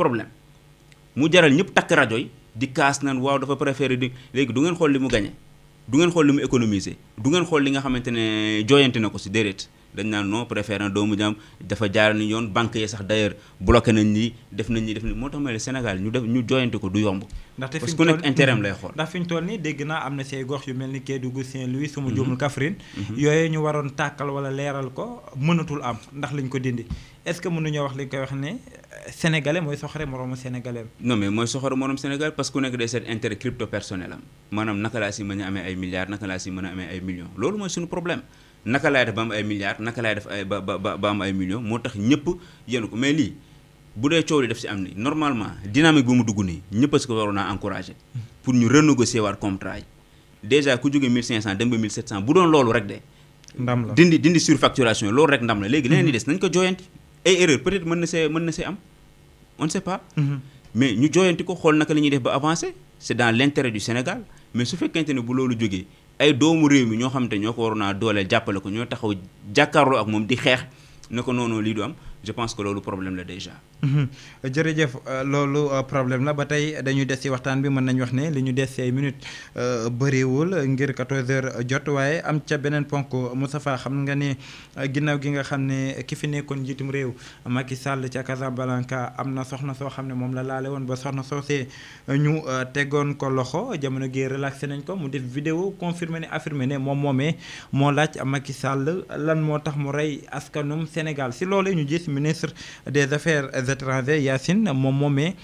problème mu jaral ñëpp takk rajo yi di kaas naan waaw dafa préféré di léegi du ngeen xool li mu gagné du ngeen xool li mu économiser du ngeen xool li nga xamante ne jooyante na ko si déedéet dañ naan non préféré doomu jaam dafa jaar ni yoon banque yi sax d'ailleurs bloqué nañ ni def nañ ni def nañ moo tax ma ne Sénégal ñu def ñu jooyante ko du yomb. ndaxte parce que ku nekk intérêt lay xool. ndax fi ñu toll nii dégg naa am na say gox yu mel ni Kédougou Saint-Louis. su ma mhm. mhm. ñu waroon tàkkal wala leeral ko mënatul am ndax lañ ko dindi est-ce que mënuñoo wax li koy wax ne sénégalais mooy soxore moroomu sénégalais non mais mooy soxore moroom sénégal parce que ku nekk day seet intérêt personnel am maanaam naka laa si mën a amee ay milliards naka laa si mën a amee ay millions loolu mooy suñu problème naka laay def ba am ay milliards naka laay def ay ba ba ba am ay millions moo tax ñëpp yéen ko mais lii bu dee coow li def si am ni normalement dynamique bu mu dugg nii ñëpp a si ko waroon a encouragé pour ñu renégocier waat contrat yi dèjà ku jógee 1500 dem ba 1700 loolu rek de. ndam léegi leneen di mhm. des nañ ko jooyanti ay erreur na see na am. on ne sait pas. Mhm. mais ñu jooyanti ko xool naka la ñuy def ba avancer c'est dans l'intérêt du Sénégal mais su fekkente ne bu loolu jógee ay doomu réew mi ñoo xam te ñoo ko waroon a dooleel jàppale ko ñoo taxaw jàkkaarloo ak moom di xeex ne ko noonu lii du am je pense que loolu problème la déjà. Mhm. jërëjëf euh, loolu euh, problème la ba tey dañuy des ci waxtaan bi mën nañu wax ne li ñu des ci ay minutes euh, bëriwul ngir 14h jot waaye am ca beneen ponk Moustapha xam nga ne ginnaaw gi nga xam ne ki fi nekkoon njiitum réew Macky sàll ca Casablanca am na soxna soo xam ne moom la laale woon ba soxna soosee ñu tegoon ko loxo jamono gi relaxé nañ ko mu def vidéo confirmé ne affirmé ne moom moomee moo laaj Macky sàll lan moo tax mu rey askanum Sénégal si loolee ñu gis ministre des étranger Yacine mom momé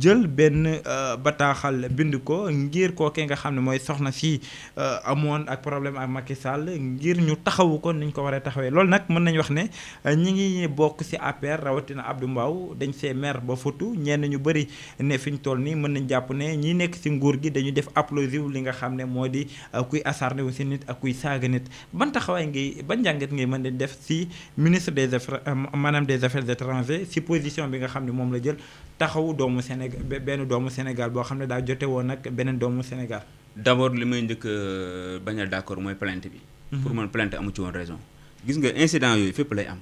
jël ben euh, bataxal bind ko ngir kookee nga xamné moy soxna si euh, amone ak problème ak Macky Sall ngir ñu taxaw ko niñ ko waree taxawé lool nak mën nañ wax né euh, ñi ngi bok si APR rawatina Abdou Mbaw dañ sé mer ba nyen ñen ñu bëri ne fiñ toll ni mën nañ japp né ñi nekk ci nguur gi dañu def applausiw li nga xamné modi di kuy asarne wu ci nit ak kuy nit ban taxaway ngay ban jangat ngay mën def si ministre des affaires manam des affaires étrangères si position décision bi nga xam ne moom la jël taxaw doomu Sénégal benn doomu Sénégal boo xam ne daa jote woon nag beneen doomu Sénégal. d' abord li may njëkk euh, a d' accord mooy plainte bi. Mhm. pour man plainte amu ci woon raison. gis nga incident yooyu fépp lay am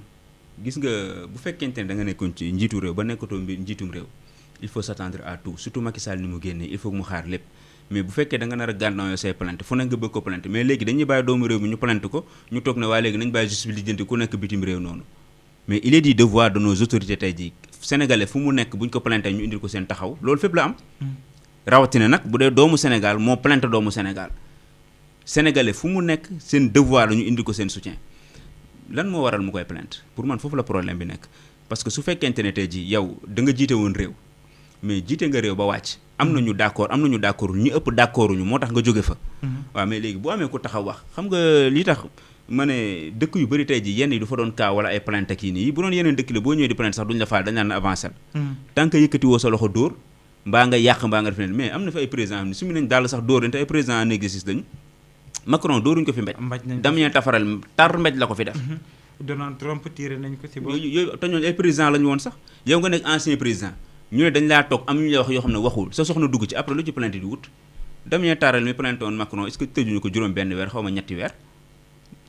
gis nga bu fekkente ne da nga nekkoon ci njiitu réew ba nekkatoo njiitum réew il faut s'attendre à tout surtout Macky Sall ni mu génnee il faut mu xaar lépp. mais bu fekkee da nga nar a gànnaaw say plainte fu nekk nga bëgg ko plainte mais léegi dañuy bàyyi doomu réew mi ñu plainte ko ñu toog ne waa léegi nañ bàyyi justice bi di lijjanti ku nekk bitim réew noonu mais il est dit devoir de nos autorités tey jii sénégalais fu mu nekk bu ñu ko plainte ñu indil ko seen taxaw loolu fépp la am. rawatina nag bu dee doomu Sénégal moo plainte doomu Sénégal sénégalais fu mu nekk seen devoir la ñu indil ko seen soutien lan moo waral mu koy plainte pour man foofu la problème bi nekk parce que su fekkente ne tey jii yow danga jiite woon réew mais jiite nga réew ba wàcc. am na nañu mm-hmm. d'accord am nañu d'accord ñu ëpp d'accorduñu moo tax nga jóge fa. Mm-hmm. waaw mais léegi bu amee ku taxaw mane dëkk yu bëri tey ji yenn yi du fa doon kaa wala ay plainte ak yi nii bu doon yeneen dëkk la boo ñëwee di plainte sax duñu la faal dañ la hmm. nga def leen fi ay président ko fi def hmm. Donald ay président la woon sax yow nga nekk ancien président ñu ne dañ laa toog am ñu la wax yoo xam ne waxul sa soxna dugg ci après lu ci plainte di wut Damien Tafaral mi plainte Macron est que tëjuñu ko juróom benn weer xaw ma ñetti weer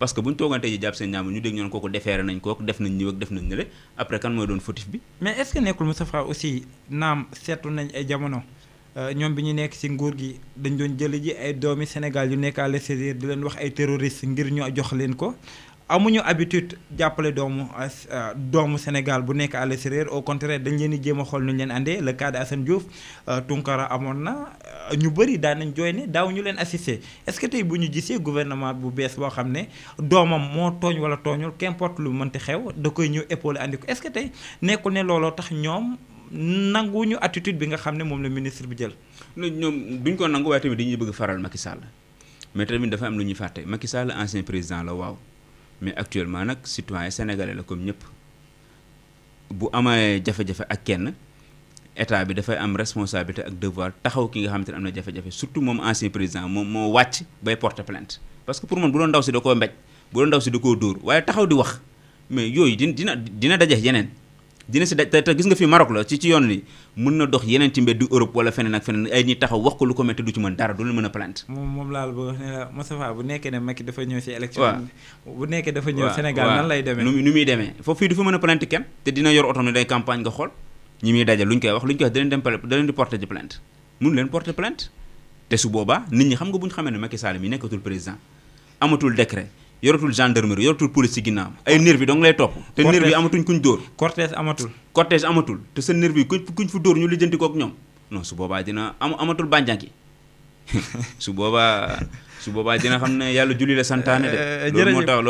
parce que bu ñu toogante ji jàpp seen ñaam ñu dégg ñoon kooku defeere nañ kooku def nañ ñëw ak def nañ nële après kan mooy doon fautif bi mais est-ce que nekkul Moustapha aussi naam seetlu nañ ay jamono euh, ñoom bi ñu nekk ci nguur gi dañu doon jëli ji ay doomi Sénégal yu nekkaale à di leen wax ay terroristes ngir ñu jox leen ko amuñu abitude jàppale doomu euh, doomu Sénégal bu nekk à l'extérieur au contraire dañ leen di jéem a xool nu ñu leen andee le cas de Assane Diouf euh, Tunkara amoon na euh, ñu bëri daan nañ jooy ne daaw leen assister est-ce que tey bu ñu jisee gouvernement bu bees boo xam ne doomam moo tooñ wala tooñul qu'importe lu mënti xew da koy ñëw épaule andi ko est-ce que tey nekkul ne looloo tax ñoom ñu attitude bi nga xam ne moom la ministre bi jël. ñoom duñ ko nangu waaye tamit dañuy bëgg faral Macky Sall mais tamit lu ñuy fàtte Macky Sall ancien président la waaw. mais actuellement nag citoyen sénégalais la comme ñëpp bu amee jafe-jafe ak kenn état bi dafay am responsabilité ak devoir taxaw ki nga xam ne am na jafe-jafe surtout moom en ancien président moom moo wàcc bay porter plainte parce que pour man bu doon ndaw si da koo mbéj bu doon ndaw si da koo dóor waaye taxaw di wax mais yooyu dina dina dina daje yeneen. dina si daj te gis nga fi Maroc la ci ci yoon li mën na dox yeneen ci mbedd Europe wala feneen ak feneen ay ñi taxaw wax ko lu ko métti du ci mën dara du la mën a plante moom moom laal bëgg bu nekkee ne Macky dafa ñëw si élection bu nekkee dafa ñëw Sénégal nan lay demee nu muy demee foofu fii du fa mën a plante kenn te dina yor oto ne day campagne nga xool ñi muy dajal lu ñu koy wax lu ñu koy wax da leen dem da leen di porter ji plainte mun leen porter plainte te su boobaa nit ñi xam nga bu xamee ne Macky Sall mi nekkatul président amatul décret yoratul gendarmerie yoratul police ci ginnaaw ay nervi dong lay topp te nervi amatuñ kuñ dóor cortège amatul cortège amatul te sa nervi kuñ kuñ fu dóor ñu lijjanti ko ak ñoom non su boobaa dina am amatul bànjanki su boobaa su boobaa dina xam ne yàlla julli la santaane de eh, eh, loolu moo tax